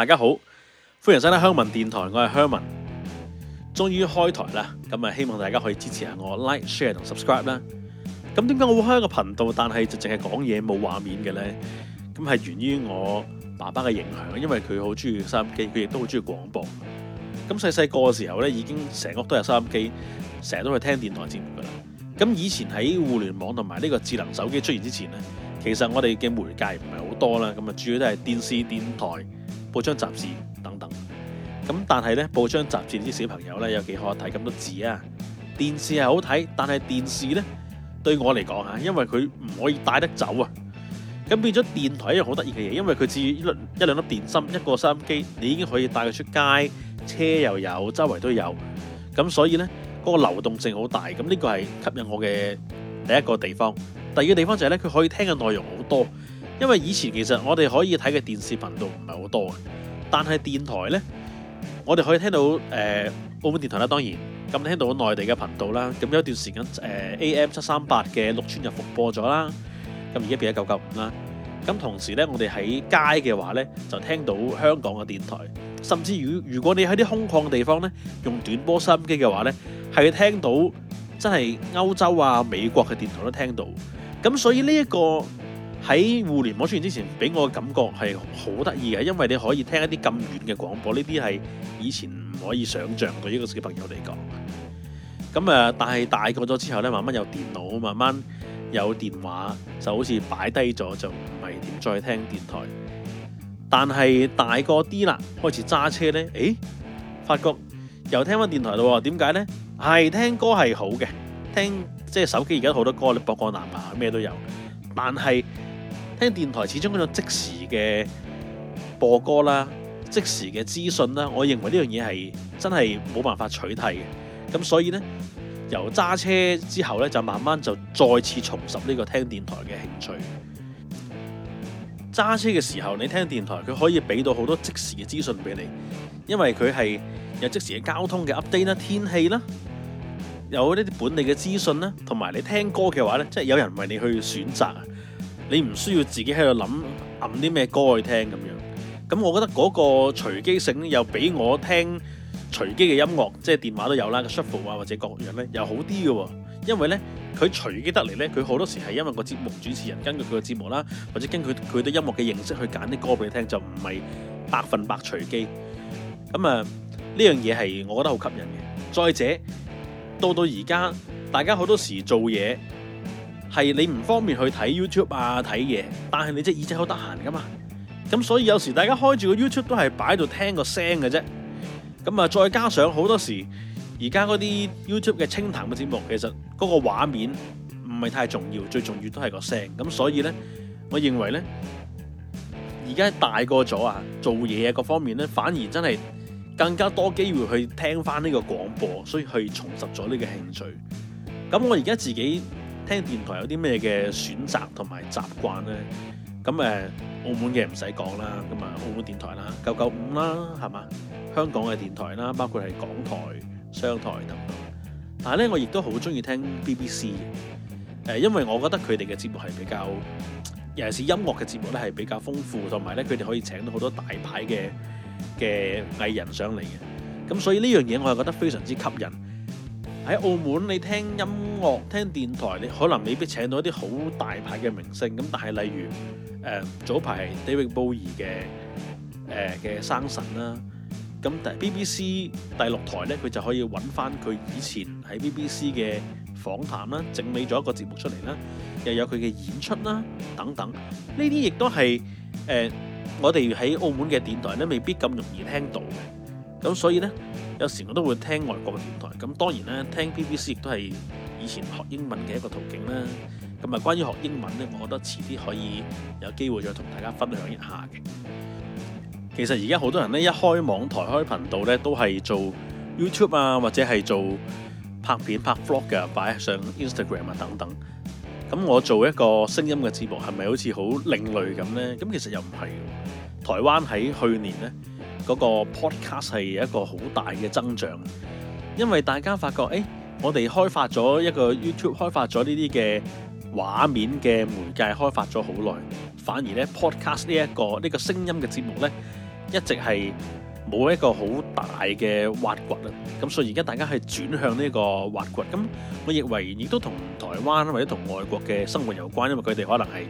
大家好，歡迎收睇鄉民電台，我係鄉民，終於開台啦！咁啊，希望大家可以支持下我，like share、share 同 subscribe 啦。咁點解我會開一個頻道，但係就淨係講嘢冇畫面嘅呢？咁係源於我爸爸嘅影響，因為佢好中意收音機，佢亦都好中意廣播。咁細細個嘅時候呢，已經成屋都有收音機，成日都去聽電台節目噶啦。咁以前喺互聯網同埋呢個智能手機出現之前呢，其實我哋嘅媒介唔係好多啦。咁啊，主要都係電視、電台。報章雜誌等等，咁但係呢，報章雜誌啲小朋友呢，有幾可睇咁多字啊？電視係好睇，但係電視呢，對我嚟講吓，因為佢唔可以帶得走啊。咁變咗電台係好得意嘅嘢，因為佢至於一一兩粒電芯，一個收音機，你已經可以帶佢出街，車又有，周圍都有。咁所以呢，嗰、嗰個流動性好大，咁呢個係吸引我嘅第一個地方。第二個地方就係呢，佢可以聽嘅內容好多。因為以前其實我哋可以睇嘅電視頻道唔係好多嘅，但係電台呢，我哋可以聽到誒、呃、澳門電台啦。當然咁你聽到內地嘅頻道啦。咁有一段時間誒、呃、AM 七三八嘅綠村就復播咗啦。咁而家變咗九九五啦。咁同時呢，我哋喺街嘅話呢，就聽到香港嘅電台。甚至如如果你喺啲空曠嘅地方呢，用短波收音機嘅話呢，係會聽到真係歐洲啊、美國嘅電台都聽到。咁所以呢、這、一個。喺互聯網出現之前，俾我嘅感覺係好得意嘅，因為你可以聽一啲咁遠嘅廣播，呢啲係以前唔可以想象嘅。呢個小朋友嚟講，咁誒，但係大個咗之後呢，慢慢有電腦，慢慢有電話，就好似擺低咗，就唔係點再聽電台。但係大個啲啦，開始揸車呢，誒，發覺又聽翻電台咯喎？點解呢？係聽歌係好嘅，聽即係、就是、手機而家好多歌，你播個男朋友咩都有，但係。聽電台始終嗰種即時嘅播歌啦，即時嘅資訊啦，我認為呢樣嘢係真係冇辦法取代嘅。咁所以呢，由揸車之後呢，就慢慢就再次重拾呢個聽電台嘅興趣。揸車嘅時候，你聽電台，佢可以俾到好多即時嘅資訊俾你，因為佢係有即時嘅交通嘅 update 啦、天氣啦，有呢啲本地嘅資訊啦，同埋你聽歌嘅話呢，即係有人為你去選擇。你唔需要自己喺度諗撳啲咩歌去聽咁樣，咁我覺得嗰個隨機性又比我聽隨機嘅音樂，即係電話都有啦，個 shuffle 啊或者各樣呢又好啲嘅喎。因為呢，佢隨機得嚟呢，佢好多時係因為個節目主持人根據佢嘅節目啦，或者根據佢對音樂嘅認識去揀啲歌俾佢聽，就唔係百分百隨機。咁啊，呢樣嘢係我覺得好吸引嘅。再者，到到而家，大家好多時做嘢，係你唔方便去睇 YouTube 啊，睇嘢，但係你隻耳仔好得閒噶嘛，咁所以有時大家開住個 YouTube 都係擺喺度聽個聲嘅啫，咁啊，再加上好多時而家嗰啲 YouTube 嘅清談嘅節目，其實嗰個畫面唔係太重要，最重要都係個聲，咁所以呢，我認為呢，而家大個咗啊，做嘢啊各方面呢，反而真係更加多機會去聽翻呢個廣播，所以去重拾咗呢個興趣。咁我而家自己。聽電台有啲咩嘅選擇同埋習慣呢？咁誒，澳門嘅唔使講啦，咁啊，澳門電台啦，九九五啦，係嘛？香港嘅電台啦，包括係港台、商台等等。但係咧，我亦都好中意聽 BBC，呃，因為我覺得佢哋嘅節目係比較，尤其是音樂嘅節目咧係比較豐富，同埋咧佢哋可以請到好多大牌嘅嘅藝人上嚟嘅。咁所以呢樣嘢我係覺得非常之吸引。喺澳門，你聽音樂、聽電台，你可能未必請到一啲好大牌嘅明星。咁但係，例如誒、呃、早排 d a v i 地域布宜嘅誒嘅生神》啦，咁第 BBC 第六台咧，佢就可以揾翻佢以前喺 BBC 嘅訪談啦，整理咗一個節目出嚟啦，又有佢嘅演出啦等等。呢啲亦都係誒我哋喺澳門嘅電台咧，未必咁容易聽到的。嘅。咁所以呢，有時我都會聽外國嘅電台。咁當然啦，聽 BBC 亦都係以前學英文嘅一個途徑啦。咁啊，關於學英文呢，我覺得遲啲可以有機會再同大家分享一下嘅。其實而家好多人呢，一開網台開頻道呢，都係做 YouTube 啊，或者係做拍片拍 vlog 嘅，擺上 Instagram 啊等等。咁我做一個聲音嘅節目，係咪好似好另類咁呢？咁其實又唔係。台灣喺去年呢，嗰個 podcast 係一個好大嘅增長，因為大家發覺，誒，我哋開發咗一個 YouTube，開發咗呢啲嘅畫面嘅媒介，開發咗好耐，反而呢 podcast 呢一個呢個聲音嘅節目呢，一直係冇一個好大嘅挖掘啊！咁所以而家大家係轉向呢個挖掘，咁我認為亦都同台灣或者同外國嘅生活有關，因為佢哋可能係，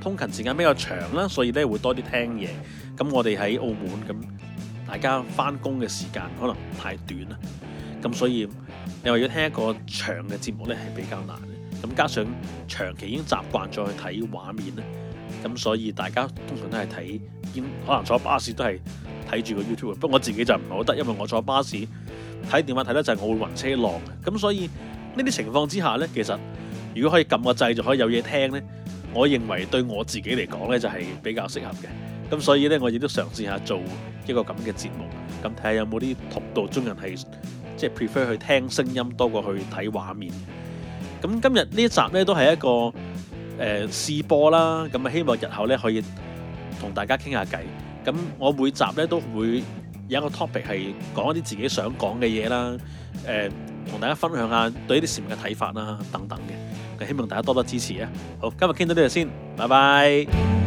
通勤時間比較長啦，所以咧會多啲聽嘢。咁我哋喺澳門，咁大家返工嘅時間可能太短啦。咁所以你話要聽一個長嘅節目咧，係比較難嘅。咁加上長期已經習慣咗去睇畫面啦。咁所以大家通常都係睇，可能坐巴士都係睇住個 YouTube。不過我自己就唔好得，因為我坐巴士睇電話睇得就係我會暈車浪。咁所以呢啲情況之下咧，其實如果可以撳個掣，就可以有嘢聽咧。我認為對我自己嚟講呢，就係比較適合嘅，咁所以呢，我亦都嘗試下做一個咁嘅節目，咁睇下有冇啲同道中人係即係、就是、prefer 去聽聲音多過去睇畫面。咁今日呢一集呢，都係一個誒、呃、試播啦，咁啊希望日後呢，可以同大家傾下偈。咁我每集呢，都會有一個 topic 係講一啲自己想講嘅嘢啦，同、呃、大家分享一下對呢啲事物嘅睇法啦，等等嘅。希望大家多多支持啊！好，今日傾到呢度先，拜拜。